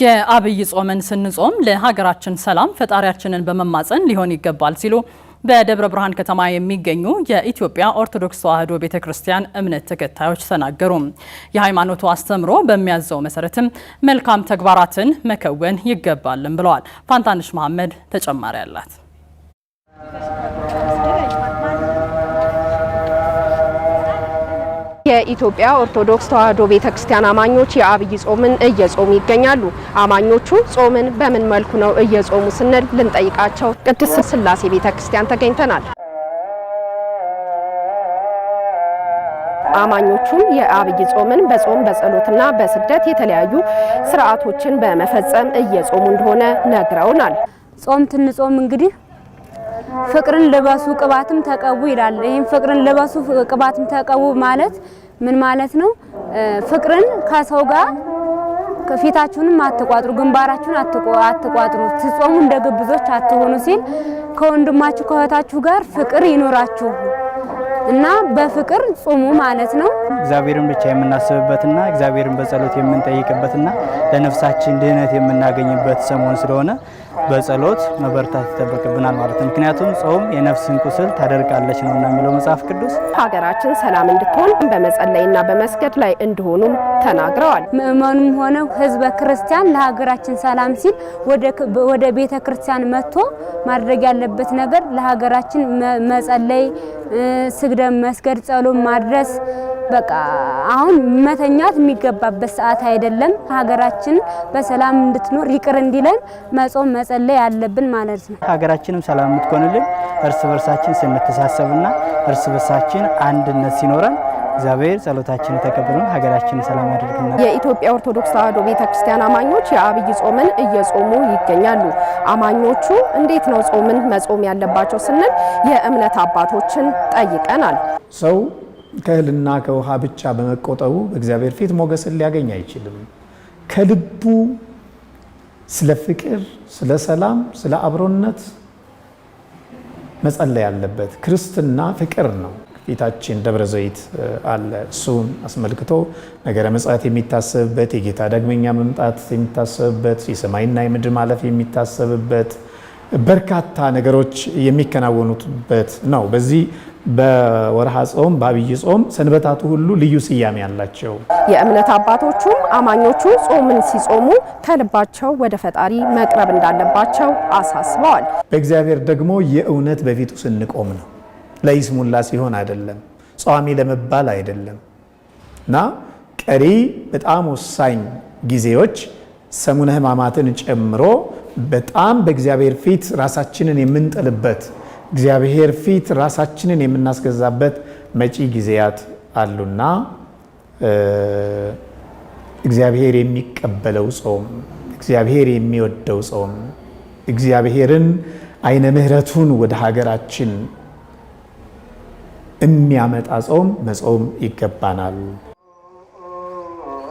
የአብይ ጾምን ስንጾም ለሀገራችን ሰላም ፈጣሪያችንን በመማጸን ሊሆን ይገባል ሲሉ በደብረ ብርሃን ከተማ የሚገኙ የኢትዮጵያ ኦርቶዶክስ ተዋሕዶ ቤተ ክርስቲያን እምነት ተከታዮች ተናገሩ። የሃይማኖቱ አስተምሮ በሚያዘው መሰረትም መልካም ተግባራትን መከወን ይገባልም ብለዋል። ፋንታንሽ መሐመድ ተጨማሪ አላት። የኢትዮጵያ ኦርቶዶክስ ተዋሕዶ ቤተክርስቲያን አማኞች የአብይ ጾምን እየጾሙ ይገኛሉ። አማኞቹ ጾምን በምን መልኩ ነው እየጾሙ ስንል ልንጠይቃቸው ቅድስት ስላሴ ቤተክርስቲያን ተገኝተናል። አማኞቹም የአብይ ጾምን በጾም በጸሎትና በስግደት የተለያዩ ስርዓቶችን በመፈጸም እየጾሙ እንደሆነ ነግረውናል። ጾም ትንጾም እንግዲህ ፍቅርን ልበሱ ቅባትም ተቀቡ ይላል። ይህም ፍቅርን ልበሱ ቅባትም ተቀቡ ማለት ምን ማለት ነው? ፍቅርን ከሰው ጋር ፊታችሁንም አትቋጥሩ፣ ግንባራችሁን አትቋጥሩ፣ ትጾሙ እንደ ግብዞች አትሆኑ ሲል ከወንድማችሁ ከእህታችሁ ጋር ፍቅር ይኖራችሁ እና በፍቅር ጾሙ ማለት ነው። እግዚአብሔርን ብቻ የምናስብበትና እግዚአብሔርን በጸሎት የምንጠይቅበትና ለነፍሳችን ድህነት የምናገኝበት ሰሞን ስለሆነ በጸሎት መበርታት ይጠበቅብናል ማለት ነው። ምክንያቱም ጾም የነፍስን ቁስል ታደርቃለች ነው የሚለው መጽሐፍ ቅዱስ። ሀገራችን ሰላም እንድትሆን በመጸለይና በመስገድ ላይ እንደሆኑም ተናግረዋል። ምእመኑም ሆነ ህዝበ ክርስቲያን ለሀገራችን ሰላም ሲል ወደ ቤተ ክርስቲያን መጥቶ ማድረግ ያለበት ነገር ለሀገራችን መጸለይ፣ ስግደም፣ መስገድ፣ ጸሎም ማድረስ በቃ አሁን መተኛት የሚገባበት ሰዓት አይደለም። ሀገራችን በሰላም እንድትኖር ይቅር እንዲለን መጾም መጸለይ ያለብን ማለት ነው። ሀገራችንም ሰላም የምትኮንልን እርስ በርሳችን ስንተሳሰብና እርስ በርሳችን አንድነት ሲኖረን እግዚአብሔር ጸሎታችን ተቀብሎን ሀገራችን ሰላም አድርግና። የኢትዮጵያ ኦርቶዶክስ ተዋሕዶ ቤተ ክርስቲያን አማኞች የአብይ ጾምን እየጾሙ ይገኛሉ። አማኞቹ እንዴት ነው ጾምን መጾም ያለባቸው ስንል የእምነት አባቶችን ጠይቀናል። ሰው ከእህልና ከውሃ ብቻ በመቆጠቡ በእግዚአብሔር ፊት ሞገስን ሊያገኝ አይችልም። ከልቡ ስለ ፍቅር፣ ስለ ሰላም፣ ስለ አብሮነት መጸለይ ያለበት። ክርስትና ፍቅር ነው። ፊታችን ደብረ ዘይት አለ። እሱን አስመልክቶ ነገረ ምጽአት የሚታሰብበት፣ የጌታ ዳግመኛ መምጣት የሚታሰብበት፣ የሰማይና የምድር ማለፍ የሚታሰብበት በርካታ ነገሮች የሚከናወኑበት ነው። በዚህ በወርሃ ጾም በአብይ ጾም ሰንበታቱ ሁሉ ልዩ ስያሜ አላቸው። የእምነት አባቶቹም አማኞቹ ጾምን ሲጾሙ ከልባቸው ወደ ፈጣሪ መቅረብ እንዳለባቸው አሳስበዋል። በእግዚአብሔር ደግሞ የእውነት በፊቱ ስንቆም ነው። ለይስሙላ ሲሆን አይደለም፣ ጿሚ ለመባል አይደለም እና ቀሪ በጣም ወሳኝ ጊዜዎች ሰሙነ ሕማማትን ጨምሮ በጣም በእግዚአብሔር ፊት ራሳችንን የምንጥልበት እግዚአብሔር ፊት ራሳችንን የምናስገዛበት መጪ ጊዜያት አሉና እግዚአብሔር የሚቀበለው ጾም፣ እግዚአብሔር የሚወደው ጾም፣ እግዚአብሔርን አይነ ምሕረቱን ወደ ሀገራችን የሚያመጣ ጾም መጾም ይገባናል።